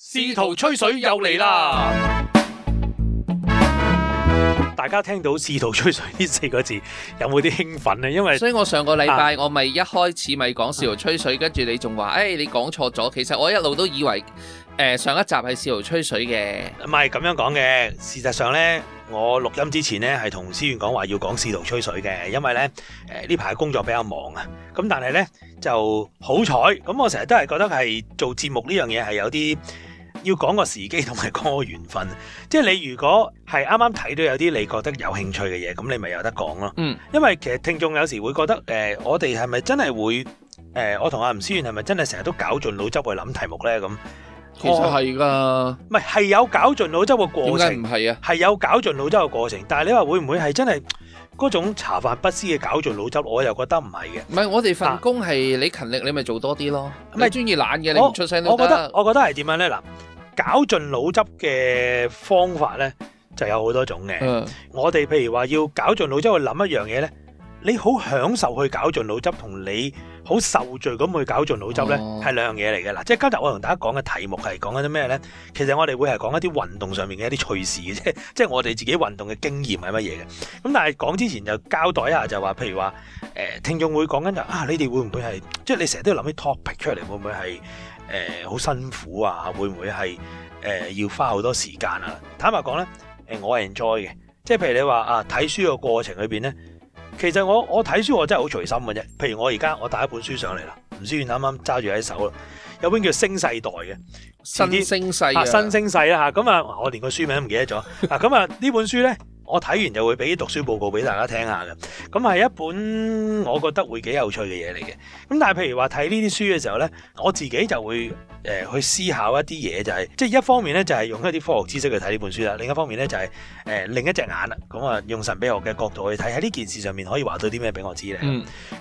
試圖吹水又嚟啦！大家聽到試圖吹水呢四個字，有冇啲興奮呢？因為所以我上個禮拜、啊、我咪一開始咪講試圖吹水，跟住你仲話，誒、哎，你講錯咗，其實我一路都以為誒、呃、上一集係試圖吹水嘅，唔係咁樣講嘅。事實上呢，我錄音之前呢係同思遠講話要講試圖吹水嘅，因為呢誒呢排、呃、工作比較忙啊，咁但係呢就好彩，咁我成日都係覺得係做節目呢樣嘢係有啲。要講個時機同埋講個緣分，即係你如果係啱啱睇到有啲你覺得有興趣嘅嘢，咁你咪有得講咯。嗯，因為其實聽眾有時會覺得，誒、呃，我哋係咪真係會，誒、呃，我同阿吳思遠係咪真係成日都絞盡腦汁去諗題目咧？咁，其實係噶，唔係係有絞盡腦汁嘅過程，點解唔係啊？係有絞盡腦汁嘅過程，但係你話會唔會係真係嗰種茶飯不思嘅絞盡腦汁？我又覺得唔係嘅。唔係我哋份工係、啊、你勤力你是你，你咪做多啲咯。你中意懶嘅，你唔出聲都得，我覺得，我覺得係點樣咧？嗱。搞盡腦汁嘅方法呢，就有好多種嘅。我哋譬如話要搞盡腦汁去諗一樣嘢呢，你好享受去搞盡腦汁，同你好受罪咁去搞盡腦汁呢，係兩樣嘢嚟嘅。嗱，即係今日我同大家講嘅題目係講緊啲咩呢？其實我哋會係講一啲運動上面嘅一啲趣事嘅啫，即係我哋自己運動嘅經驗係乜嘢嘅。咁但係講之前就交代一下就話，譬如話誒，聽眾會講緊就啊，你哋會唔會係即係你成日都要諗啲 topic 出嚟，會唔會係？誒，好、呃、辛苦啊，會唔會係誒、呃、要花好多時間啊？坦白講咧，誒我係 enjoy 嘅，即係譬如你話啊睇書個過程裏邊咧，其實我我睇書我真係好隨心嘅啫。譬如我而家我帶一本書上嚟啦，唔知點啱啱揸住喺手啦，有本叫《星世代》嘅。新星世、啊、新星世啦吓，咁啊，我連個書名都唔記得咗嗱，咁 啊呢本書咧，我睇完就會俾啲讀書報告俾大家聽下嘅，咁係一本我覺得會幾有趣嘅嘢嚟嘅，咁但係譬如話睇呢啲書嘅時候咧，我自己就會誒、呃、去思考一啲嘢、就是，就係即係一方面咧就係、是、用一啲科學知識去睇呢本書啦，另一方面咧就係、是、誒、呃、另一隻眼啦，咁、嗯、啊、嗯、用神秘學嘅角度去睇喺呢件事上面可以話到啲咩俾我知咧、啊？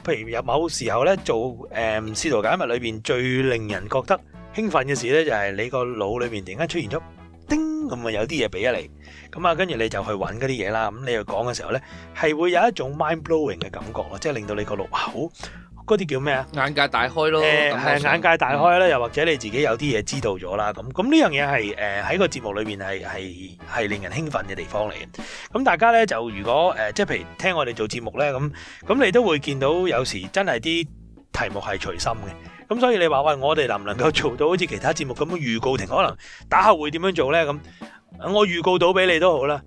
譬如有某時候咧做誒試圖解密裏邊最令人覺得興奮嘅事咧，就係你個腦裏面突然間出現咗，叮咁啊有啲嘢俾咗你，咁啊跟住你就去揾嗰啲嘢啦。咁你又講嘅時候咧，係會有一種 mind blowing 嘅感覺咯，即係令到你個腦哇，嗰啲叫咩啊？眼界大開咯，誒係眼界大開啦，又或者你自己有啲嘢知道咗啦。咁咁呢樣嘢係誒喺個節目裏面係係係令人興奮嘅地方嚟嘅。咁大家咧就如果誒即係譬如聽我哋做節目咧，咁咁你都會見到有時真係啲題目係隨心嘅。咁所以你話喂，我哋能唔能夠做到好似其他節目咁樣預告停，可能打後會點樣做呢？咁，我預告到俾你都好啦。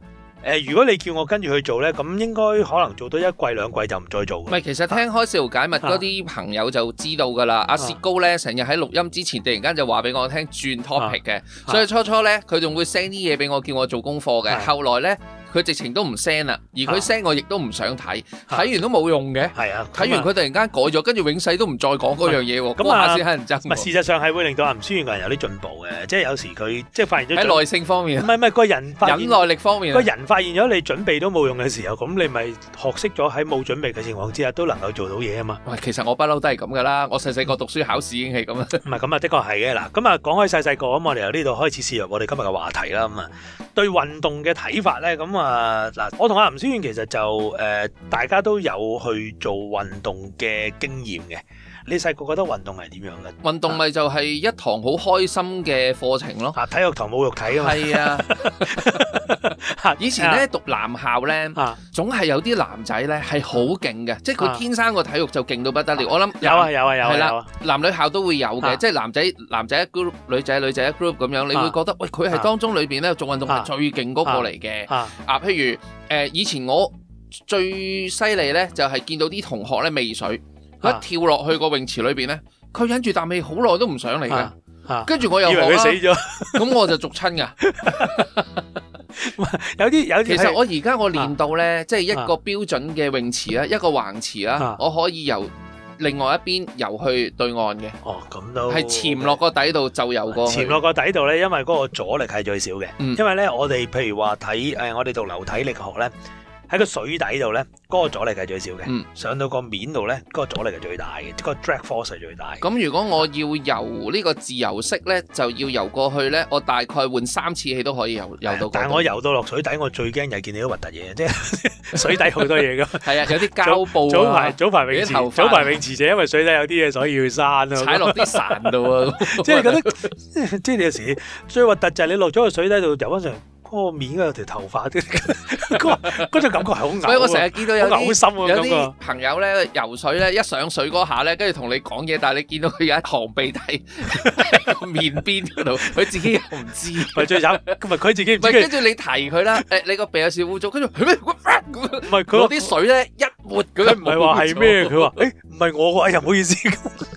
誒、呃，如果你叫我跟住去做呢，咁應該可能做到一季兩季就唔再做。唔係，其實聽開試圖解密嗰啲朋友就知道噶啦。阿薛、啊啊、高呢成日喺錄音之前突然間就話俾我聽轉 topic 嘅，啊，啊、所以初初呢，佢仲會 send 啲嘢俾我叫我做功課嘅，啊啊、後來呢。佢直情都唔 send 啦，而佢 send 我亦都唔想睇，睇完都冇用嘅。係啊，睇完佢突然間改咗，跟住永世都唔再講嗰樣嘢喎。咁啊，唔係事實上係會令到阿吳思遠個人有啲進步嘅，即係有時佢即係發現咗喺耐性方面，唔係唔係個人忍耐力方面，個人發現咗你準備都冇用嘅時候，咁你咪學識咗喺冇準備嘅情況之下都能夠做到嘢啊嘛。喂，其實我不嬲都係咁噶啦，我細細個讀書考試已經係咁啦。唔係咁啊，的確係嘅嗱。咁啊，講開細細個咁，我哋由呢度開始切入我哋今日嘅話題啦。咁啊，對運動嘅睇法咧，咁啊～啊嗱，我同阿林思遠其實就誒、呃，大家都有去做運動嘅經驗嘅。你細個覺得運動係點樣嘅？運動咪就係一堂好開心嘅課程咯。啊，體育堂冇肉體啊嘛。係是啊。 以前咧讀男校咧，總係有啲男仔咧係好勁嘅，即係佢天生個體育就勁到不得了。我諗有啊，有啊，有啦，男女校都會有嘅，即係男仔男仔一 group，女仔女仔一 group 咁樣，你會覺得，喂，佢係當中裏邊咧做運動係最勁嗰個嚟嘅。啊，譬如誒，以前我最犀利咧，就係見到啲同學咧，未水佢一跳落去個泳池裏邊咧，佢忍住啖氣好耐都唔上嚟嘅，跟住我又以為佢死咗，咁我就逐親噶。 有啲有啲，其實我而家我練到呢，啊、即係一個標準嘅泳池啦，啊、一個橫池啦，啊、我可以由另外一邊游去對岸嘅。哦，咁都係潛落個底度就游過。潛落個底度呢，因為嗰個阻力係最少嘅。 因為呢，我哋譬如話睇誒，我哋讀流體力學呢。喺個水底度咧，嗰個阻力係最少嘅。嗯，上到個面度咧，嗰個阻力係最大嘅，個 drag force 係最大。咁如果我要游呢個自由式咧，就要游過去咧，我大概換三次氣都可以游遊到。但係我游到落水底，我最驚又見到啲核突嘢，即係水底好多嘢咁。係 啊，有啲膠布、啊、早排有啲頭髮。早排泳池、啊、池就因為水底有啲嘢，所以要刪咯。 踩落啲傘度啊， 即係覺得 即係有時最核突就係你落咗個水底度游翻上。個面啊，有條頭髮，跟住佢話嗰種感覺係好，所以我成日見到有啲有啲朋友咧游水咧，一上水嗰下咧，跟住同你講嘢，但係你見到佢有一堂鼻涕 面邊嗰度，佢自己又唔 知。咪 最慘，咪佢自己唔知。跟住你提佢啦，誒，你個鼻有少污糟，跟住佢咩？唔係佢。攞、啊、啲、啊啊、水咧一。佢唔係話係咩，佢話，誒，唔係我個，哎呀，唔好意思，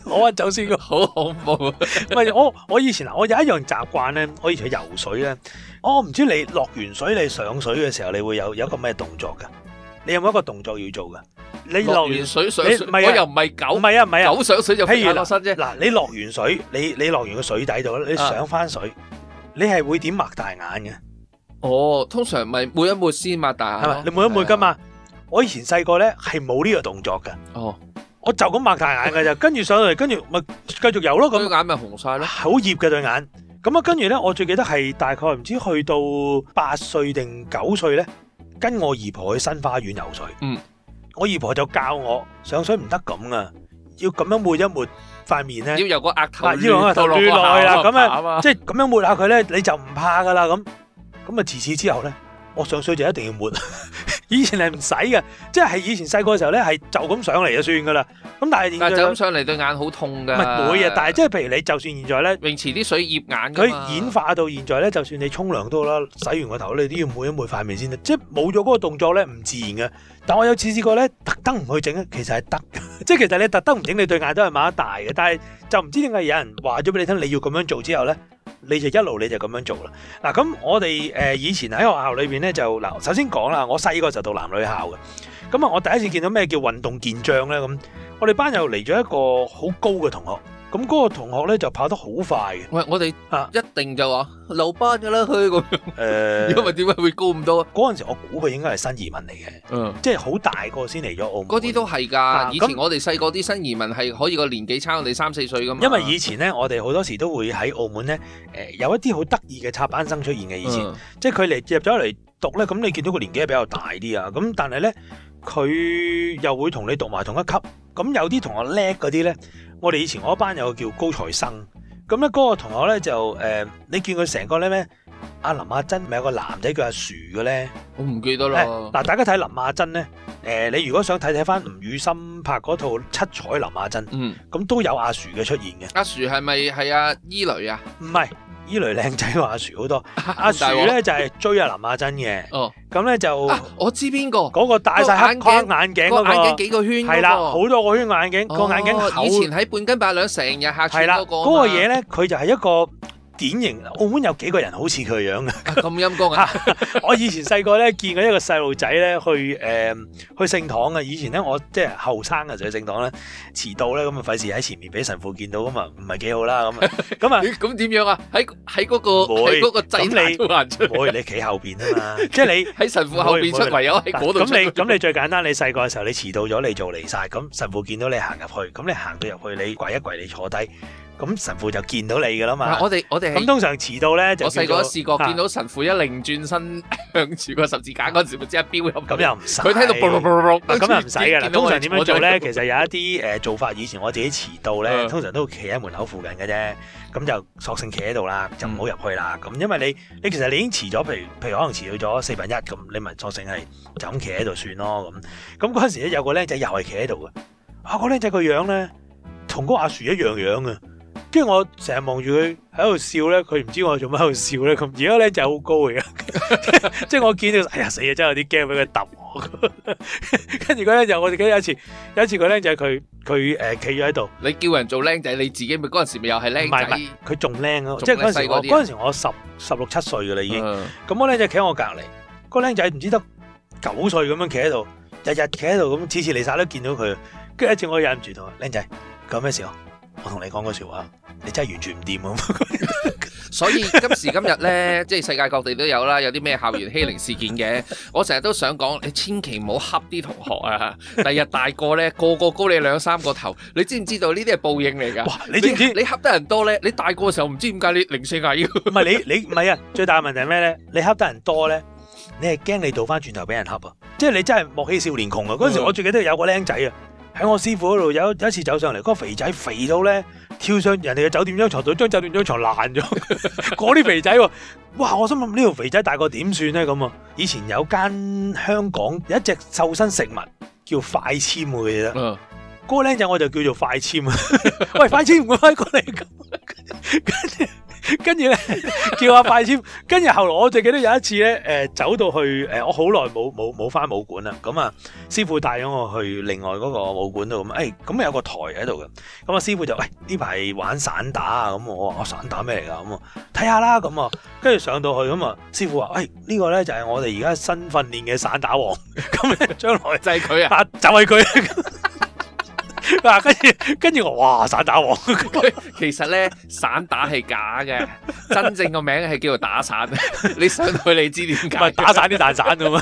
攞翻走先嘅，好恐怖。唔係我，我以前我有一樣習慣咧，我以前去游水咧，我唔知你落完水你上水嘅時候，你會有有一個咩動作噶？你有冇一個動作要做噶？你落完水上水，我又唔係狗，唔係啊，唔係啊，狗上水就唔會落身啫。嗱，你落完水，你你落完個水底度咧，你上翻水，你係會點擘大眼嘅？哦，通常咪抹一抹先擘大眼，係咪？你抹一抹噶嘛？我以前細個咧係冇呢個動作嘅，哦，我就咁擘大眼嘅咋，跟住上到嚟，跟住咪繼續游咯，咁對眼咪紅晒咯，好熱嘅對眼，咁啊，跟住咧我最記得係大概唔知去到八歲定九歲咧，跟我姨婆去新花園游水，嗯，我姨婆就教我上水唔得咁啊，要咁樣抹一抹塊面咧，要有個額頭，要塗落個下巴，咁啊，即係咁樣抹下佢咧，你就唔怕噶啦，咁，咁啊，自此之後咧，我上水就一定要抹。以前係唔使嘅，即係以前細個嘅時候咧，係就咁上嚟就算噶啦。咁但係現在咁上嚟對眼好痛㗎。唔係會啊！但係即係譬如你就算現在咧泳池啲水醃眼，佢演化到現在咧，就算你沖涼都好啦，洗完個頭你都要抹一抹塊面先得，即係冇咗嗰個動作咧，唔自然嘅。但我有次試過咧，特登唔去整，其實係得，即係其實你特登唔整，你對眼都係擘大嘅。但係就唔知點解有人話咗俾你聽，你要咁樣做之後咧。你就一路你就咁樣做啦。嗱、啊，咁我哋誒、呃、以前喺學校裏邊咧就嗱，首先講啦，我細個就讀男女校嘅。咁啊，我第一次見到咩叫運動健將咧？咁我哋班又嚟咗一個好高嘅同學。咁嗰個同學咧就跑得好快嘅，我我哋啊一定就話留班噶啦，佢咁。誒，呃、因為點解會高咁多？嗰陣時我估佢應該係新移民嚟嘅，嗯、即係好大個先嚟咗澳門。嗰啲都係噶，啊、以前我哋細個啲新移民係可以個年紀差我哋三四歲噶嘛。因為以前咧，我哋好多時都會喺澳門咧，誒、呃，有一啲好得意嘅插班生出現嘅以前，嗯、即係佢嚟入咗嚟讀咧，咁你見到個年紀係比較大啲啊，咁但係咧佢又會同你讀埋同一級，咁有啲同學叻嗰啲咧。我哋以前我班有個叫高才生，咁咧嗰個同學咧就誒、呃，你見佢成個咧咩？阿林亞珍咪有個男仔叫阿樹嘅咧，我唔記得啦。嗱、哎，大家睇林亞珍咧，誒、呃，你如果想睇睇返吳宇森拍嗰套《七彩林亞珍》，嗯，咁、嗯、都有阿樹嘅出現嘅。阿樹係咪係阿伊蕾啊？唔係。依類靚仔話阿樹好多， 阿樹咧 就係追阿林阿珍嘅，咁咧、哦、就、啊、我知邊個，嗰個戴晒黑框眼鏡嗰個，幾個圈係、那、啦、個，好多個圈眼鏡，哦、個眼鏡厚。以前喺半斤八兩成日客串嗰個。嗰、那個嘢咧，佢就係一個。 典型澳門有幾個人好似佢樣嘅咁陰公啊！我以前細個咧見過一個細路仔咧去誒去聖堂啊！以前咧我即係後生嘅時候，去聖堂咧遲到咧，咁啊費事喺前面俾神父見到咁啊，唔係幾好啦咁啊咁啊咁點樣啊？喺喺嗰個仔，嗰行出，你企後邊啊嘛，即係你喺神父後邊出，唯有喺嗰度咁你咁你最簡單，你細個嘅時候你遲到咗，你做離晒。咁神父見到你行入去，咁你行到入去，你跪一跪，你坐低。咁神父就見到你噶啦嘛！我哋我哋咁通常遲到咧，就我細個試過見到神父一擰轉身向住個十字架嗰陣時，即刻飆入，咁又唔使佢聽到啵碌啵碌啵碌咁又唔使噶啦。通常點樣做咧？其實有一啲誒做法。以前我自己遲到咧，通常都企喺門口附近嘅啫。咁就索性企喺度啦，就唔好入去啦。咁因為你你其實你已經遲咗，譬如譬如可能遲到咗四分一咁，你咪索性係就咁企喺度算咯。咁咁嗰陣時咧，有個僆仔又係企喺度嘅。哇！個僆仔個樣咧，同個阿樹一樣樣啊！跟住我成日望住佢喺度笑咧，佢唔知我做乜喺度笑咧。咁而家僆仔好高嘅，即係我見到，哎呀死啊！真係有啲驚俾佢揼。我跟住個僆仔，我哋記得有一次，有一次個僆仔佢佢誒企咗喺度。呃、你叫人做僆仔，你自己咪嗰陣時咪又係僆仔，佢仲僆咯。即係嗰陣時，嗰陣時我十十六七歲噶啦已經。咁、嗯、我僆仔企喺我隔離，個僆仔唔知得九歲咁樣企喺度，日日企喺度咁，每次每次嚟晒都見到佢。跟住一次我忍唔住，我話僆仔，講咩事啊？我同你講個笑話，你真係完全唔掂啊 ！所以今時今日咧，即係世界各地都有啦，有啲咩校園欺凌事件嘅。我成日都想講，你千祈唔好恰啲同學啊！第日，日大個咧，個個高你兩三個頭，你知唔知道呢啲係報應嚟噶？哇！你知唔知你？你恰得人多咧，你大個嘅時候唔知點解你零四要。唔係你你唔係啊！最大問題係咩咧？你恰得人多咧，你係驚你倒翻轉頭俾人恰啊！即係你真係莫欺少年窮啊！嗰陣時我最記得有個僆仔啊！喺我師傅嗰度，有有一次走上嚟，個肥仔肥到咧，跳上人哋嘅酒店張床度，將酒店張床爛咗。嗰啲 肥仔喎、哦，哇！我想問呢條肥仔大個點算咧？咁啊，以前有間香港有一隻瘦身食物叫快籤妹嘢啦，嗰、uh huh. 個靚仔我就叫做快籤啊。 喂， 快籤唔會飛過嚟㗎。 跟住咧叫阿快籤，跟住後來我就記得有一次咧，誒、呃、走到去誒、呃、我好耐冇冇冇返武館啦，咁、嗯、啊師傅帶咗我去另外嗰個武館度咁，誒、哎、咁有個台喺度嘅，咁、嗯、啊師傅就喂呢排玩散打、嗯、啊，咁我話我散打咩嚟㗎？咁啊睇下啦，咁啊跟住上到去咁啊、嗯、師傅話喂呢個咧就係我哋而家新訓練嘅散打王，咁、嗯、啊將來 就係佢啊，啊，就係、是、佢。 啊、跟住跟住我哇散打王，呵呵其實咧散打係假嘅， 真正個名係叫做打散 你上去你知點解？唔係打散啲大散啫嘛。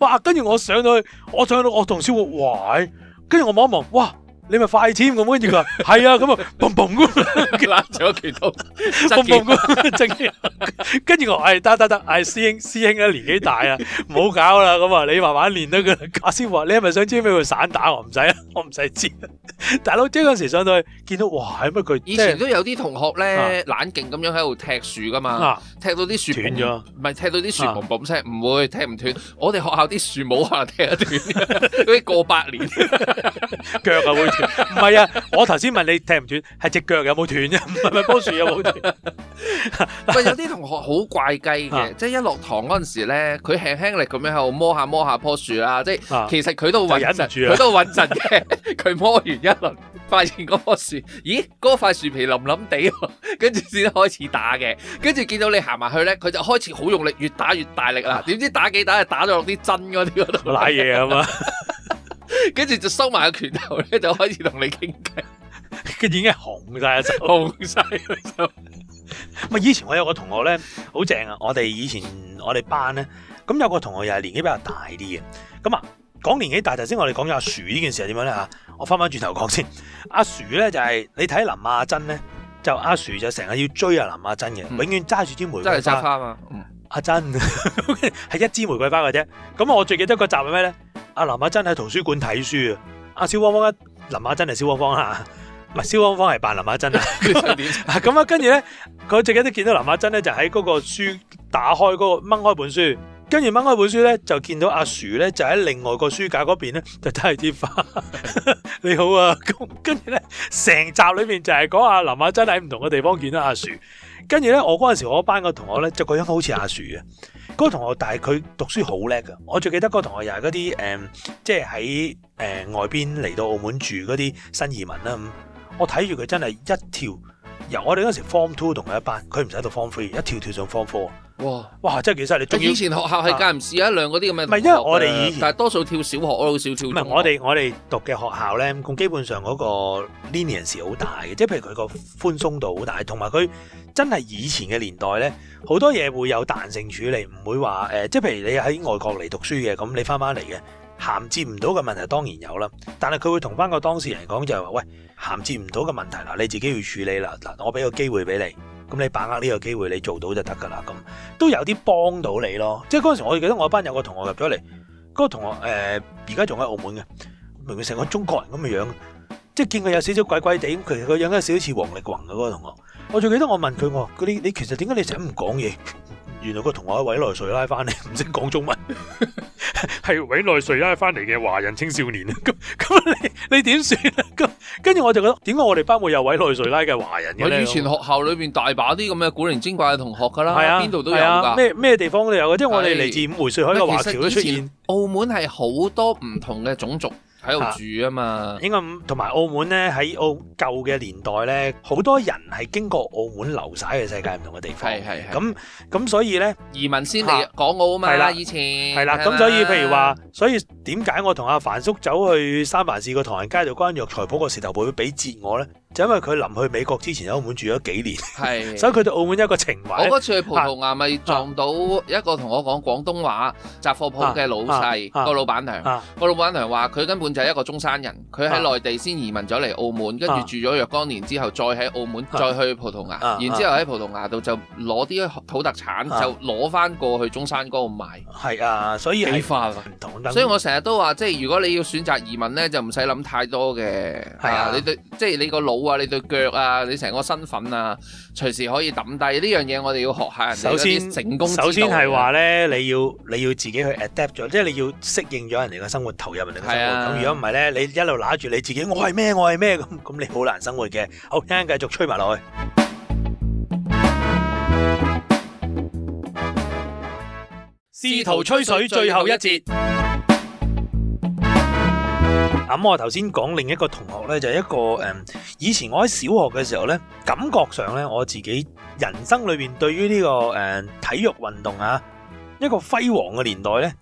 哇！跟住我上到去，我上到我同肖活，喂！跟住我望一望，哇！你咪快添咁，跟住佢話：係啊，咁啊，嘣嘣咁，攞咗拳套，嘣嘣咁整。跟住我，哎得得得，哎師兄師兄啊，年紀大啊，唔好搞啦，咁啊，你慢慢練得佢。阿、啊、師傅話：你係咪想知咩散打？我唔使，啊，我唔使知。大佬即嗰時上去，見到哇，乜佢？就是、以前都有啲同學咧、啊、冷勁咁樣喺度踢樹噶嘛，踢到啲樹斷咗，唔係了、啊、踢到啲樹嘣嘣聲，唔、啊、會踢唔斷。我哋學校啲樹冇可能踢得斷，嗰啲 過百年 腳啊會。唔 係 啊，我頭先問你踢唔斷，係隻腳有冇斷啫？唔係棵樹有冇斷？喂 有啲同學好怪雞嘅，啊、即係一落堂嗰陣時咧，佢輕輕力咁樣喺度摸下摸下棵樹啦，即係其實佢都穩陣，佢、啊、 都穩陣嘅。佢摸完一輪，發現嗰棵樹，咦，嗰塊樹皮腍腍地，跟住先開始打嘅。跟住見到你行埋去咧，佢就開始好用力，越打越大力啦。點知打幾打，就打，係打咗落啲針嗰啲嗰度。瀨嘢咁嘛～ 跟住就收埋個拳頭咧，就開始同你傾偈。佢已經紅晒，紅晒就。唔係，以前我有個同學咧，好正啊！我哋以前我哋班咧，咁有個同學又係年紀比較大啲嘅。咁啊，講年紀大頭先，我哋講咗阿樹呢件事係點樣咧吓？我翻翻轉頭講先。阿樹咧就係、是、你睇林亞珍咧，就阿樹就成日要追阿林亞珍嘅，嗯、永遠揸住支玫瑰花。真係摘花啊嘛！亞珍，係一支玫瑰花嘅啫。咁我最記得個集係咩咧？阿林阿珍喺圖書館睇書啊！阿蕭芳芳阿林阿珍係蕭芳芳啦，唔係蕭芳芳係扮林阿珍 哇。啊、嗯！咁啊，跟住咧，佢直頭都見到林阿珍咧，就喺嗰個書打開嗰、那個掹開本書，跟住掹開本書咧，就見到阿樹咧，就喺另外個書架嗰邊咧，就睇住啲花， 你好啊！咁跟住咧，成集裏面就係講阿林阿珍喺唔同嘅地方見到阿樹，跟住咧，我嗰陣時我班嘅同學咧，就個樣好似阿樹啊！嗰個同學，學，但係佢讀書好叻㗎。我最記得嗰個同學又係嗰啲誒，即係喺誒外邊嚟到澳門住嗰啲新移民啦。我睇住佢真係一跳，由我哋嗰時 form two 同佢一班，佢唔使讀 form three，一跳跳上 form four。哇！哇！真係幾犀利！以前學校係間唔時有一兩嗰啲咁嘅，唔係因為我哋以前，但係多數跳小學好少跳。唔係我哋我哋讀嘅學校咧，咁基本上嗰個 lenience 好大嘅，即係譬如佢個寬鬆度好大，同埋佢。真係以前嘅年代咧，好多嘢會有彈性處理，唔會話誒、呃，即係譬如你喺外國嚟讀書嘅，咁你翻翻嚟嘅銜接唔到嘅問題當然有啦。但係佢會同翻個當事人講，就係、是、話喂，銜接唔到嘅問題嗱，你自己要處理啦。嗱，我俾個機會俾你，咁你把握呢個機會，你，機會你做到就得㗎啦。咁都有啲幫到你咯。即係嗰陣時，我記得我班有個同學入咗嚟，嗰、那個同學誒，而家仲喺澳門嘅，明明成個中國人咁嘅樣，即係見佢有少少怪怪地，其實佢樣咧少少似王力宏嘅嗰、那個同學。我仲記得我問佢我，啲你，你其實點解你成日唔講嘢？原來個同學喺委內瑞拉翻嚟，唔識講中文，係 委內瑞拉翻嚟嘅華人青少年啊！咁 咁你你點算啊？咁 跟住我就覺得，點解我哋班會有委內瑞拉嘅華人嘅咧？我以前學校裏邊大把啲咁嘅古靈精怪嘅同學噶啦，係啊，邊度都有噶，咩咩、啊、地方都有嘅，即係我哋嚟自五湖四海嘅華僑都出現。澳門係好多唔同嘅種族。喺度住嘛啊嘛，應該同埋澳門咧，喺澳舊嘅年代咧，好多人係經過澳門流晒去世界唔同嘅地方，係係咁咁。嗯嗯嗯、所以咧移民先嚟港澳啊嘛，係啦、啊，以前係啦。咁所以譬如話，所以點解我同阿樊叔走去三藩市個唐人街度嗰間藥材鋪個石頭婆會俾截我咧？就因為佢臨去美國之前喺澳門住咗幾年，所以佢對澳門有一個情懷。我嗰次去葡萄牙咪撞到一個同我講廣東話雜貨鋪嘅老細，個老闆娘，個老闆娘話，佢根本就係一個中山人，佢喺內地先移民咗嚟澳門，跟住住咗若干年之後再喺澳門再去葡萄牙，然之後喺葡萄牙度就攞啲土特產就攞翻過去中山嗰度賣，係啊，所以係，所以我成日都話，即係如果你要選擇移民咧，就唔使諗太多嘅。係啊，你對，即係你個老。話你對腳啊，你成個身份啊，隨時可以抌低呢樣嘢。我哋要學下人哋嗰啲成功。首先係話咧，你要你要自己去 adapt 咗，即係你要適應咗人哋嘅生活，投入人哋嘅生活。咁如果唔係咧，你一路揦住你自己，我係咩，我係咩咁，咁你好難生活嘅。好，聽繼續吹埋落去，試圖吹水最後一節。咁、嗯、我頭先講另一個同學咧，就是、一個誒、嗯，以前我喺小學嘅時候咧，感覺上咧我自己人生裏邊對於呢、這個誒、嗯、體育運動啊，一個輝煌嘅年代咧，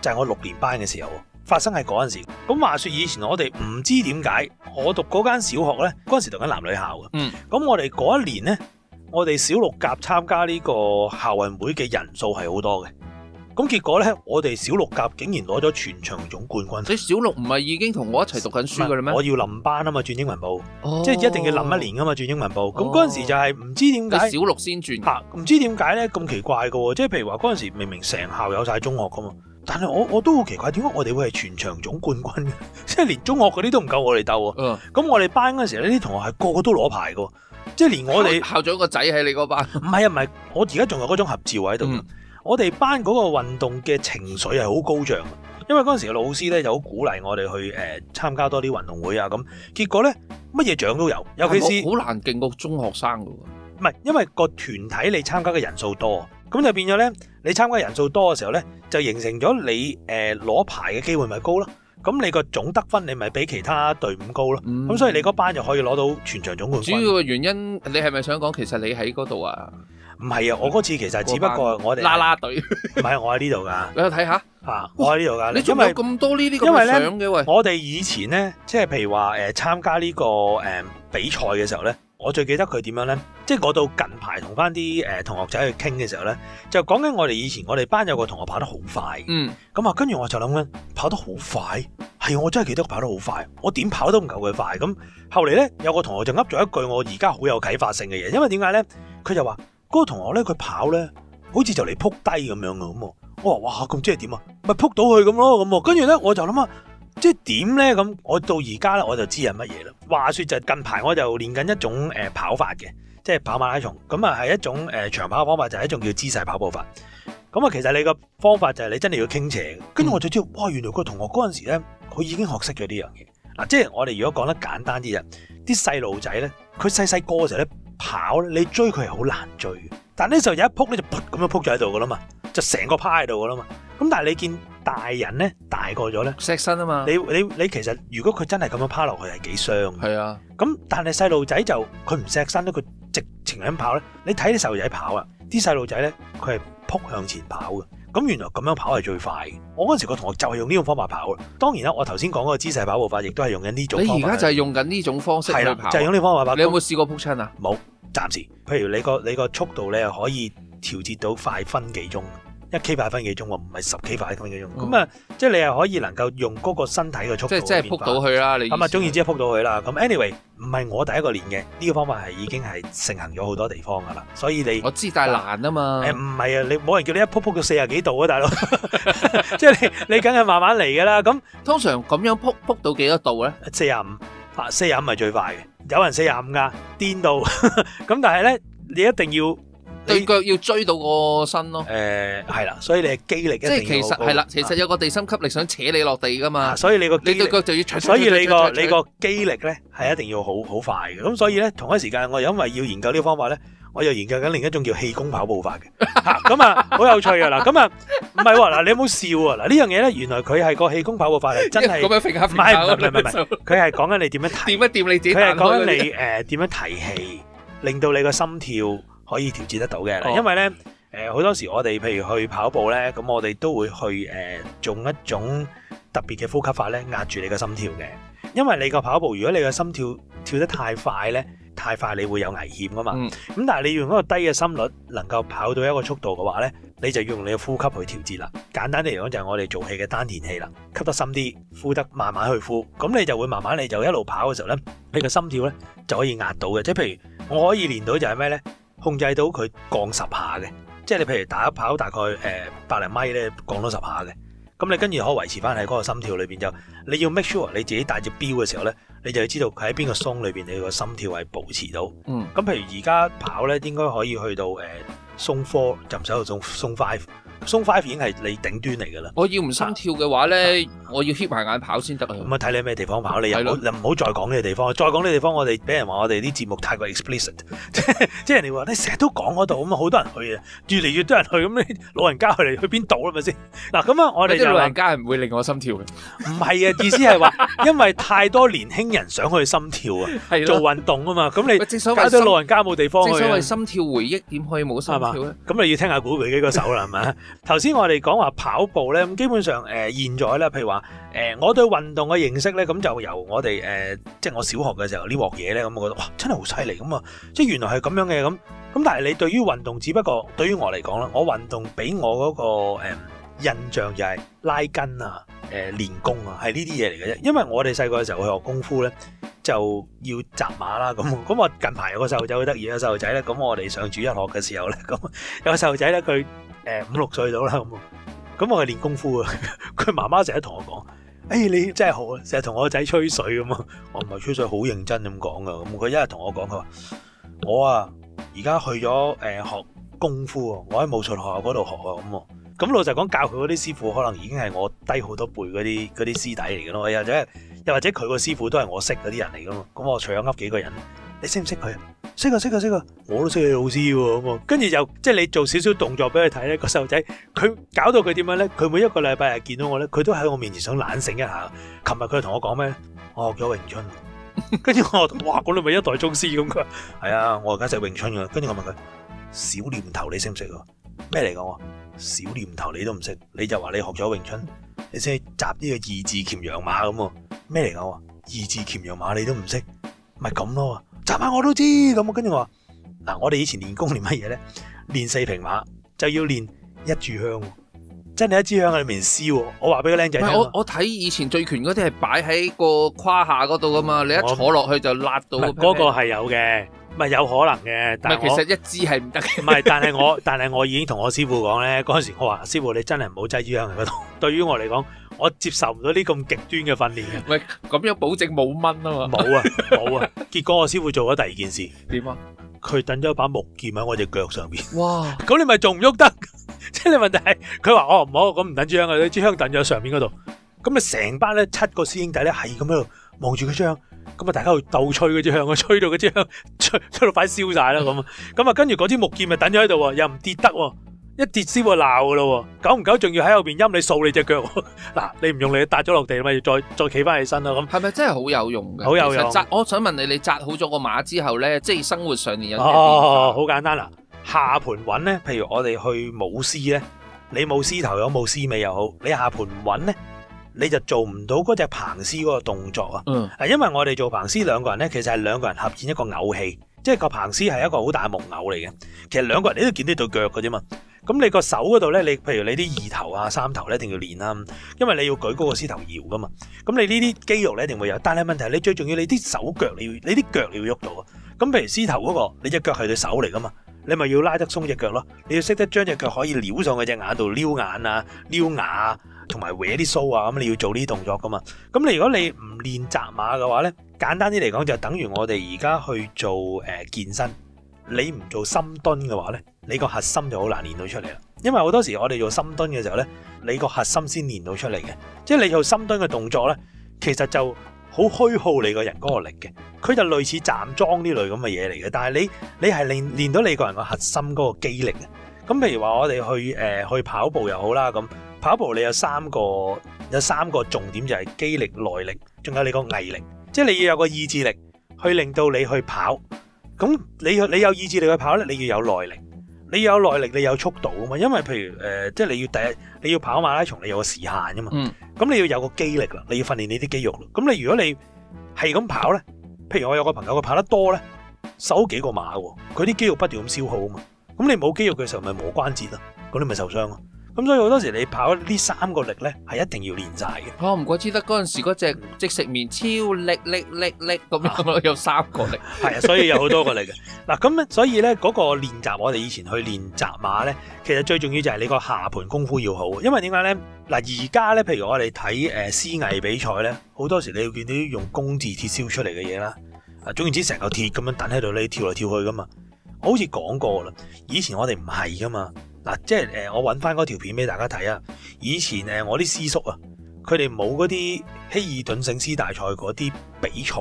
就係、是、我六年班嘅時候發生喺嗰陣時。咁、嗯嗯、話說以前我哋唔知點解，我讀嗰間小學咧，嗰陣時讀緊男女校嘅。嗯。咁我哋嗰一年咧，我哋小六甲參加呢個校運會嘅人數係好多嘅。咁結果咧，我哋小六甲竟然攞咗全場總冠軍。你小六唔係已經同我一齊讀緊書噶啦咩？哦、我要冧班啊嘛，轉英文部，哦、即係一定要冧一年噶嘛，轉英文部。咁嗰陣時就係唔知點解小六先轉，唔、啊、知點解咧咁奇怪噶。即係譬如話嗰陣時明明成校有晒中學噶嘛，但係我我都好奇怪，點解我哋會係全場總冠軍嘅？ 即係連中學嗰啲都唔夠我哋鬥、啊。嗯。咁我哋班嗰陣時咧，啲同學係個個都攞牌噶，即係連我哋校長個仔喺你嗰班。唔係啊，唔係，我而家仲有嗰張合照喺度。嗯我哋班嗰個運動嘅情緒係好高漲，因為嗰陣時老師咧就好鼓勵我哋去誒、呃、參加多啲運動會啊咁。結果呢，乜嘢獎都有，尤其是好難勁過中學生㗎喎。唔係，因為個團體你參加嘅人數多，咁就變咗呢，你參加人數多嘅時候呢，就形成咗你誒攞、呃、牌嘅機會咪高咯。咁你個總得分你咪比其他隊伍高咯。咁、嗯、所以你嗰班就可以攞到全場總冠軍。主要嘅原因，你係咪想講其實你喺嗰度啊？唔係啊！我嗰次其實班只不過我哋拉拉隊。唔係我喺呢度㗎。你去睇下啊！我喺呢度㗎。你點有咁多呢啲咁嘅相嘅喂？因為我哋以前呢，即係譬如話誒、呃、參加呢、這個誒、呃、比賽嘅時候呢，我最記得佢點樣呢？即係嗰度近排同翻啲誒同學仔去傾嘅時候呢，就講緊我哋以前我哋班有個同學跑得好快。咁啊、嗯，跟住我就諗呢，跑得好快，係、哎、我真係記得跑得好快。我點跑都唔夠佢快。咁後嚟呢，有個同學就噏咗一句我而家好有啟發性嘅嘢，因為點解呢？佢就話。嗰個同學咧，佢跑咧，好似就嚟扑低咁樣嘅咁，我話哇，咁即係點啊？咪扑到佢咁咯，咁跟住咧，我就諗下，即係點咧？咁我到而家咧，我就知係乜嘢啦。話說就近排，我就練緊一種誒、呃、跑法嘅，即係跑馬拉松。咁啊係一種誒、呃、長跑嘅方法，就係、是、一種叫姿勢跑步法。咁啊，其實你個方法就係你真係要傾斜。跟住我就知道，嗯、哇！原來個同學嗰陣時咧，佢已經學識咗呢樣嘢。嗱、啊，即係我哋如果講得簡單啲啊，啲細路仔咧，佢細細個嘅時候咧。跑咧，你追佢係好難追嘅。但呢時候有一撲咧，就撲咁樣撲咗喺度噶啦嘛，就成個趴喺度噶啦嘛。咁但係你見大人咧，大個咗咧，錫身啊嘛。你你你其實如果佢真係咁樣趴落去係幾傷。係啊。咁但係細路仔就佢唔錫身咧，佢直情咁跑咧。你睇啲細路仔跑啊，啲細路仔咧，佢係撲向前跑嘅。咁原來咁樣跑係最快嘅。我嗰陣時個同學就係用呢種方法跑啦。當然啦，我頭先講個姿勢跑步法，法，亦都係用緊呢種。你而家就係用緊呢種方式去跑。係啦，就係、是、用呢方法跑。你有冇試過撲親啊？冇，暫時。譬如你個你個速度咧，可以調節到快分幾鐘。一 K 八分幾鐘喎，唔係十 K 八分幾鐘。咁啊，即係你又可以能夠用嗰個身體嘅速度，即係撲到去啦。咁啊，中二之後撲到去啦。咁 anyway，唔係我第一個練嘅呢個方法係已經係盛行咗好多地方噶啦。所以你我知，但係難啊嘛。誒，唔係啊，你冇人叫你一撲撲到四十幾度啊，大佬。即係你你梗係慢慢嚟噶啦。咁通常咁樣撲撲到幾多度咧？四十五，四十五係最快嘅，有人四十五噶，癲到。咁但係咧，你一定要，對腳要追到個身咯，誒係啦，所以你嘅肌力，即係其實係啦，其實有個地心吸力想扯你落地噶嘛，所以你個你對腳就要，所以你個你個肌力咧係一定要好好快嘅，咁所以咧，同一時間，我因為要研究呢個方法咧，我又研究緊另一種叫氣功跑步法嘅，吓，咁啊好有趣嘅啦，咁啊唔係嗱，你有冇笑啊？嗱呢樣嘢咧，原來佢係個氣功跑步法嚟。真係咁樣停下唔係唔係唔係唔係，佢係講緊你點樣提點一掂你自己，佢係講緊你誒點樣提氣，令到你個心跳，可以調節得到嘅，oh. 因為咧，誒、呃、好多時我哋譬如去跑步咧，咁我哋都會去誒用、呃、一種特別嘅呼吸法咧壓住你嘅心跳嘅。因為你個跑步，如果你個心跳跳得太快咧，太快你會有危險噶嘛。咁、mm. 但係你用一個低嘅心率能夠跑到一個速度嘅話咧，你就要用你嘅呼吸去調節啦。簡單啲嚟講就係我哋做氣嘅單田氣啦，吸得深啲，呼得慢慢去呼，咁你就會慢慢你就一路跑嘅時候咧，你嘅心跳咧就可以壓到嘅。即係譬如我可以練到就係咩咧？控制到佢降十下嘅，即係你譬如打一跑大概誒、呃、百零米咧，降多十下嘅。咁你跟住可以維持翻喺嗰個心跳裏邊就，你要 make sure 你自己帶隻錶嘅時候咧，你就要知道佢喺邊個鬆裏邊你個心跳係保持到。嗯，咁譬如而家跑咧，應該可以去到誒鬆 four，呃、4，就唔使去到鬆 five。鬆 five 已經係你頂端嚟㗎啦！我要唔心跳嘅話咧，啊、我要瞌埋眼跑先得。咁啊，睇你咩地方跑，你又唔好再講呢個地方。再講呢個地方，我哋俾人話我哋啲節目太過 explicit，即 係人哋話你成日都講嗰度，咁啊好多人去啊，越嚟越多人去，咁你老人家去嚟去邊度啦？係咪先？嗱，咁啊，我哋老人家係唔會令我心跳嘅。唔 係啊，意思係話，因為太多年輕人想去心跳啊， 對了 做運動啊嘛。咁你搞到老人家冇地方去，啊。正所謂心跳回憶點可以冇心跳？咁你要聽下古巨基嗰首啦，係咪 頭先我哋講話跑步咧，咁基本上誒、呃，現在咧，譬如話誒、呃，我對運動嘅認識咧，咁、嗯、就由我哋誒、呃，即係我小學嘅時候呢鑊嘢咧，咁、嗯、我覺得哇，真係好犀利咁啊！即係原來係咁樣嘅咁，咁、嗯、但係你對於運動，只不過對於我嚟講啦，我運動俾我嗰、那個誒、嗯、印象就係拉筋啊，誒、呃、練功啊，係呢啲嘢嚟嘅啫。因為我哋細個嘅時候去學功夫咧，就要紮馬啦，咁咁我近排有個細路仔好得意啊，細路仔咧，咁我哋上主日學嘅時候咧，咁有個細路仔咧佢。誒，五六歲到啦，咁，咁我係練功夫啊。佢媽媽成日同我講：誒、hey，你真係好啊，成日同我個仔吹水咁啊。我唔係吹水，好認真咁講噶。咁佢一日同我講，佢話我啊，而家去咗誒、呃、學功夫啊，我喺武術學校嗰度學啊。咁，咁老實講，教佢嗰啲師傅可能已經係我低好多輩嗰啲嗰啲師弟嚟嘅咯。又或者，又或者佢個師傅都係我識嗰啲人嚟噶嘛。咁我除咗噏幾個人，你識唔識佢啊？識啊識啊識啊，我都識你老師喎。跟住就即係你做少少動作俾佢睇咧，個細路仔佢搞到佢點樣咧？佢每一個禮拜日見到我咧，佢都喺我面前想冷醒一下。琴日佢同我講咩？我學咗詠春，跟住 我話哇，嗰度咪一代宗師咁佢。係 啊，我而家識詠春嘅。跟住我問佢小念頭你識唔識？咩嚟講？我小念頭你都唔識，你就話你學咗詠春，你先去習呢個二字鉗羊馬咁喎？咩嚟講？二字鉗羊馬你都唔識，咪咁咯？集馬我都知咁，跟住我話嗱，我哋以前練功練乜嘢咧？練四平馬就要練一炷香、哦，真係一支香喺裏面燒、哦。我話俾個僆仔聽。我我睇以前最拳嗰啲係擺喺個胯下嗰度噶嘛，嗯、你一坐落去就焫到我。嗰個係有嘅，唔係我有可能嘅。是但係我其實一支係唔得嘅。唔係，但係我 但係我，我已經同我師傅講咧，嗰陣時我話師傅你真係唔好擠香喺嗰度。 對於我嚟講。我接受唔到呢咁極端嘅訓練。喂，咁樣保證冇蚊啊嘛？冇 啊，冇啊，結果我師傅做咗第二件事。點啊？佢等咗一把木劍喺我隻腳上面。哇！咁你咪仲唔喐得？即係你問題係，佢話我唔好咁唔等住啊！嗰支香等咗上面嗰度，咁啊成班咧七個師兄弟咧係咁喺度望住嗰支香，咁啊大家去鬥吹嗰支香啊，吹到支香，吹到支香，吹到快燒晒啦咁啊，咁啊跟住嗰支木劍咪等咗喺度喎，又唔跌得喎。一跌先會鬧噶咯，久唔久仲要喺後邊陰你掃你隻腳嗱、 啊。你唔用你搭咗落地咪要再再企翻起身咯。咁係咪真係好有用嘅？好有用。扎，我想問你，你扎好咗個馬之後咧，即係生活上面有咩變化？哦，哦，好簡單啦、啊。下盤穩咧，譬如我哋去舞獅咧，你舞獅頭又好，舞獅尾又好，你下盤唔穩咧，你就做唔到嗰隻彭獅嗰個動作啊。嗯、因為我哋做彭獅兩個人咧，其實係兩個人合演一個偶戲，即、就、係、是、個彭獅係一個好大木偶嚟嘅。其實兩個人你都見得到腳嘅啫嘛。咁你個手嗰度咧，你譬如你啲二頭啊、三頭咧，一定要練啦、啊，因為你要舉嗰個獅頭搖噶嘛。咁你呢啲肌肉咧，一定會有，但係問題係你最重要你，你啲手腳你要，你啲腳你要喐到啊。咁譬如獅頭嗰、嗰個，你隻腳係對手嚟噶嘛，你咪要拉得鬆隻腳咯。你要識得將隻腳可以撩上嗰隻眼度撩眼啊、撩牙啊，同埋搲啲鬚啊，咁你要做呢啲動作噶嘛。咁你如果你唔練扎馬嘅話咧，簡單啲嚟講就等於我哋而家去做誒、呃、健身。你唔做深蹲嘅話呢，你個核心就好難練到出嚟啦。因為好多時我哋做深蹲嘅時候呢，你個核心先練到出嚟嘅。即係你做深蹲嘅動作呢，其實就好虛耗你個人嗰個力嘅。佢就類似站樁呢類咁嘅嘢嚟嘅。但係你你係練練到你個人個核心嗰個肌力嘅。咁譬如話我哋去誒、呃、去跑步又好啦，咁跑步你有三個有三個重點，就係肌力、耐力，仲有你個毅力。即係你要有個意志力去令到你去跑。咁你你有意志力去跑咧，你要有耐力，你要有耐力你有速度啊嘛。因為譬如誒、呃，即係你要第日你要跑馬拉松，你有個時限啊嘛。咁、嗯、你要有個肌力啦，你要訓練你啲肌肉咯。咁你如果你係咁跑咧，譬如我有個朋友佢跑得多咧，瘦咗幾個碼喎，佢啲肌肉不斷咁消耗啊嘛。咁你冇肌肉嘅時候咪磨關節咯，咁你咪受傷咯。咁所以好多時你跑呢三個力咧，係一定要練晒嘅。我唔、哦、怪之得嗰陣時嗰隻即食麵超力力力力咁樣咯，有三個力。係 啊， 所以有好多個力嘅。嗱， 咁所以咧嗰、那個練習，我哋以前去練紮馬咧，其實最重要就係你個下盤功夫要好。因為點解咧？嗱，而家咧，譬如我哋睇誒，獅、呃、藝比賽咧，好多時你會見到用工字鐵燒出嚟嘅嘢啦。啊，總之成嚿鐵咁樣等喺度，你跳嚟跳去噶嘛。我好似講過啦，以前我哋唔係噶嘛。嗱、啊，即係誒、呃，我揾翻嗰條片俾大家睇啊！以前誒，我啲師叔啊，佢哋冇嗰啲希爾頓聖獅大賽嗰啲比賽，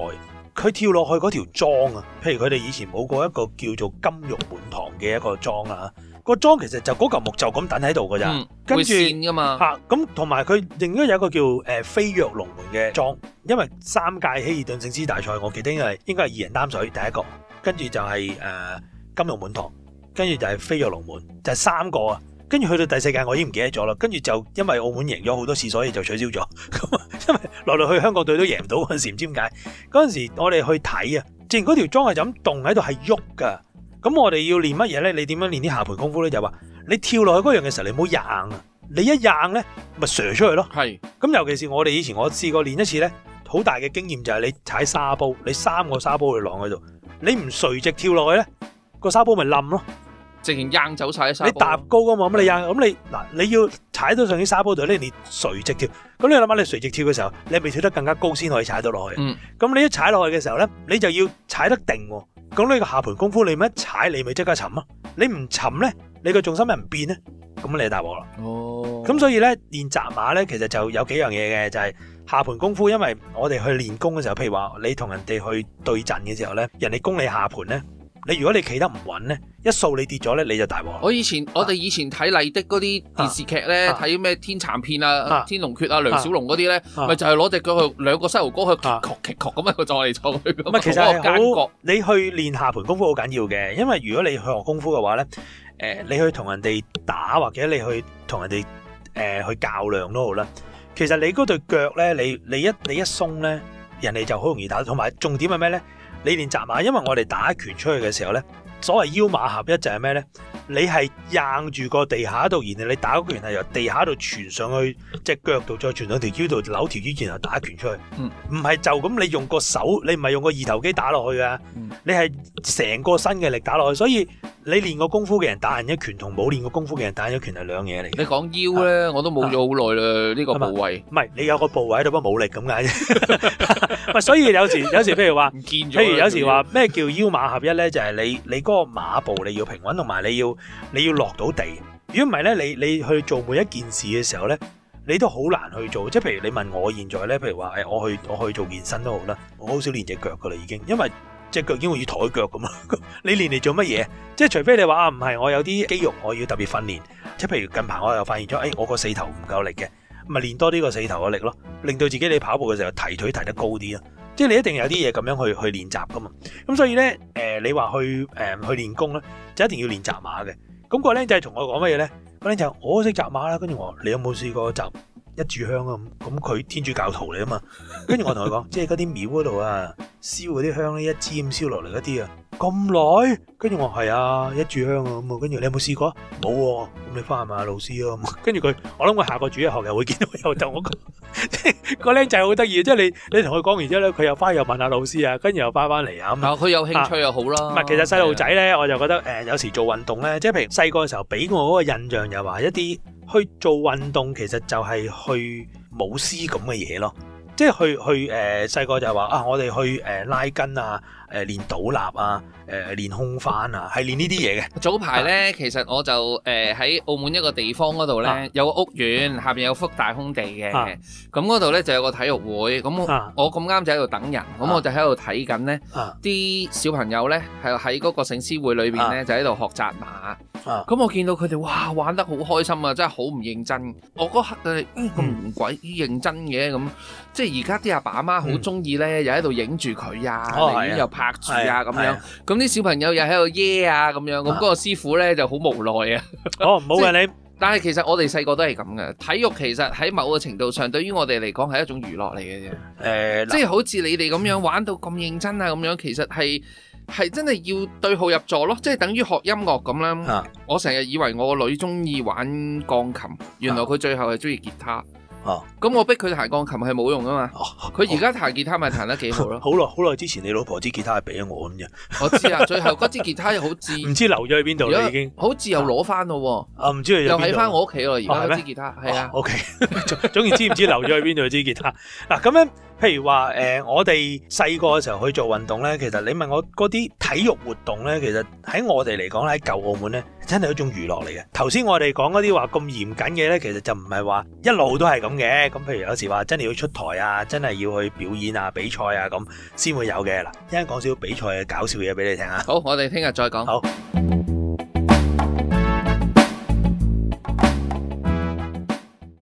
佢跳落去嗰條樁啊，譬如佢哋以前冇過一個叫做金玉滿堂嘅一個樁啊。個樁其實就嗰嚿木就咁等喺度噶咋，嗯、跟住嚇咁，同埋佢應該有一個叫誒飛躍龍門嘅樁，因為三屆希爾頓聖獅大賽我記得應該係應該係二人擔水第一個，跟住就係、是、誒、呃、金玉滿堂。跟住就係飛咗龍門，就係、三個啊！跟住去到第四間，我已經唔記得咗啦。跟住就因為澳門贏咗好多次，所以就取消咗。咁啊，因為落來去香港隊都贏唔到嗰陣時，唔知點解嗰陣時我哋去睇啊，正嗰條樁係咁動喺度，係喐噶。咁我哋要練乜嘢咧？你點樣練啲下盤功夫咧？就係話你跳落去嗰樣嘅時候，你唔好硬啊！你一硬咧，咪錘出去咯。係是。咁尤其是我哋以前我試過練一次咧，好大嘅經驗就係你踩沙煲，你三個沙煲去浪喺度，你唔垂直跳落去咧。個沙波咪冧咯，直情扔走晒啲沙。你踏高噶嘛，咁的你扔，咁你嗱，你要踩到上啲沙波度咧，你垂直跳。咁你諗下，你垂直跳嘅時候，你咪跳得更加高先可以踩到落去。咁、嗯、你一踩落去嘅時候咧，你就要踩得定。咁呢個下盤功夫，你咪一踩，你咪即刻沉咯。你唔沉咧，你個重心又唔變咧，咁你大鑊啦。哦。咁所以咧，練紮馬咧，其實就有幾樣嘢嘅，就係、是、下盤功夫。因為我哋去練功嘅時候，譬如話你同人哋去對陣嘅時候咧，人哋攻你下盤咧。你如果你企得唔穩咧，一掃你跌咗咧，你就大鑊。我以前、啊、我哋以前睇麗的嗰啲電視劇咧，睇咩、啊、天蠶片啊、啊天龍訣啊、啊梁小龍嗰啲咧，咪、啊、就係攞隻腳去兩個細路哥去崎嶇崎嶇咁啊，再嚟再去咁。其實，我感覺好，隔你去練下盤功夫好緊要嘅，因為如果你去學功夫嘅話咧，誒、嗯，你去同人哋打或者你去同人哋誒、呃、去較量都好啦。其實你嗰對腳咧，你你一你一鬆咧，人哋就好容易打。同埋重點係咩咧？你練紮馬，因為我哋打拳出去嘅時候咧，所謂腰馬合一就係咩咧？你係硬住個地下度，然後你打拳係由地下度傳上去隻腳度，再傳到條腰度扭條腰，然後打拳出去。嗯，唔係就咁，你用個手，你唔係用個二頭肌打落去啊。你係成個身嘅力打落去，所以。你練過功夫嘅人打人一拳，同冇練過功夫嘅人打人一拳係兩嘢嚟。你講腰咧，我都冇咗好耐啦，呢的個部位的。唔係，你有個部位喺度都冇力咁解。啫。 所以有時有時譬如話，譬如有時話咩叫腰馬合一咧，就係、是、你你嗰個馬步你要平穩，同埋你要你要落到地。如果唔係咧，你你去做每一件事嘅時候咧，你都好難去做。即係譬如你問我現在咧，譬如話，誒，我去我去做健身都好啦，我好少練隻腳噶啦已經，因為。隻腳已經要抬腳咁咯， 你練嚟做乜嘢？即係除非你話啊，唔係我有啲肌肉，我要特別訓練。即係譬如近排我又發現咗，誒、哎，我個四頭唔夠力嘅，咪練多呢個四頭嘅力咯，令到自己你跑步嘅時候提腿提得高啲咯。即係你一定有啲嘢咁樣去去練習噶嘛。咁所以咧，誒、呃，你話去誒、呃、去練功咧，就一定要練紮、那個那個、馬嘅。咁個僆仔同我講乜嘢咧？個僆仔我識紮馬啦，跟住我話你有冇試過紮？一炷香啊，咁佢天主教徒嚟啊嘛， 跟住我同佢講，即係嗰啲廟嗰度啊，燒嗰啲香咧，一支咁燒落嚟嗰啲啊，咁耐，跟住我係啊，一炷香啊，咁，跟住你有冇試過？冇、啊，咁你翻下問下老師啊，跟住佢，我諗我下個主日學又會見到又就我個個僆仔好得意，即係你你同佢講完之後咧，佢又翻又問下老師啊，跟住又翻翻嚟啊，咁、嗯。佢、嗯、有興趣又好啦。啊、其實細路仔咧，的我就覺得誒、呃，有時做運動咧，即係譬如細個嘅時候俾我嗰個印象，又話一啲。去做運動其實就係去舞獅咁嘅嘢咯，即係去去誒，細個就係話啊，我哋去誒、呃、拉筋啊。誒練倒立啊，誒練空翻啊，係練呢啲嘢嘅。早排咧，其實我就誒喺澳門一個地方嗰度咧，有個屋苑，下邊有幅大空地嘅。咁嗰度咧就有個體育會，咁我咁啱就喺度等人，咁我就喺度睇緊咧啲小朋友咧，係喺嗰個醒獅會裏邊咧就喺度學紮馬。咁我見到佢哋哇玩得好開心啊，真係好唔認真。我嗰刻佢咁唔鬼認真嘅咁，即係而家啲阿爸阿媽好中意咧，又喺度影住佢啊，拍住啊咁樣，咁啲小朋友又喺度耶啊咁樣，咁嗰、啊、個師傅咧就好無奈啊。哦、 oh,，冇噶你，但係其實我哋細個都係咁嘅。體育其實喺某個程度上，對於我哋嚟講係一種娛樂嚟嘅啫。誒、uh,，即係好似你哋咁樣玩到咁認真啊咁樣，其實係係真係要對號入座咯，即係等於學音樂咁啦。Uh, 我成日以為我個女中意玩鋼琴，原來佢最後係中意吉他。啊！咁我逼佢彈鋼琴係冇用噶嘛，佢而家彈吉他咪彈得幾好咯。好耐好耐之前，你老婆支吉他係俾咗我咁啫。我知啊，最後嗰支吉他又好似唔知留咗去邊度啦，已經好似又攞翻咯。啊，唔知又喺翻我屋企咯，而家有支吉他係啊。OK，總之唔知留咗去邊度支吉他。嗱，咁樣。譬如話誒，我哋細個嘅時候去做運動咧，其實你問我嗰啲體育活動咧，其實喺我哋嚟講咧，喺舊澳門咧，真係一種娛樂嚟嘅。頭先我哋講嗰啲話咁嚴謹嘅咧，其實就唔係話一路都係咁嘅。咁譬如有時話真係要出台啊，真係要去表演啊、比賽啊咁先會有嘅嗱。一陣間講少少比賽嘅搞笑嘢俾你聽啊。好，我哋聽日再講。好。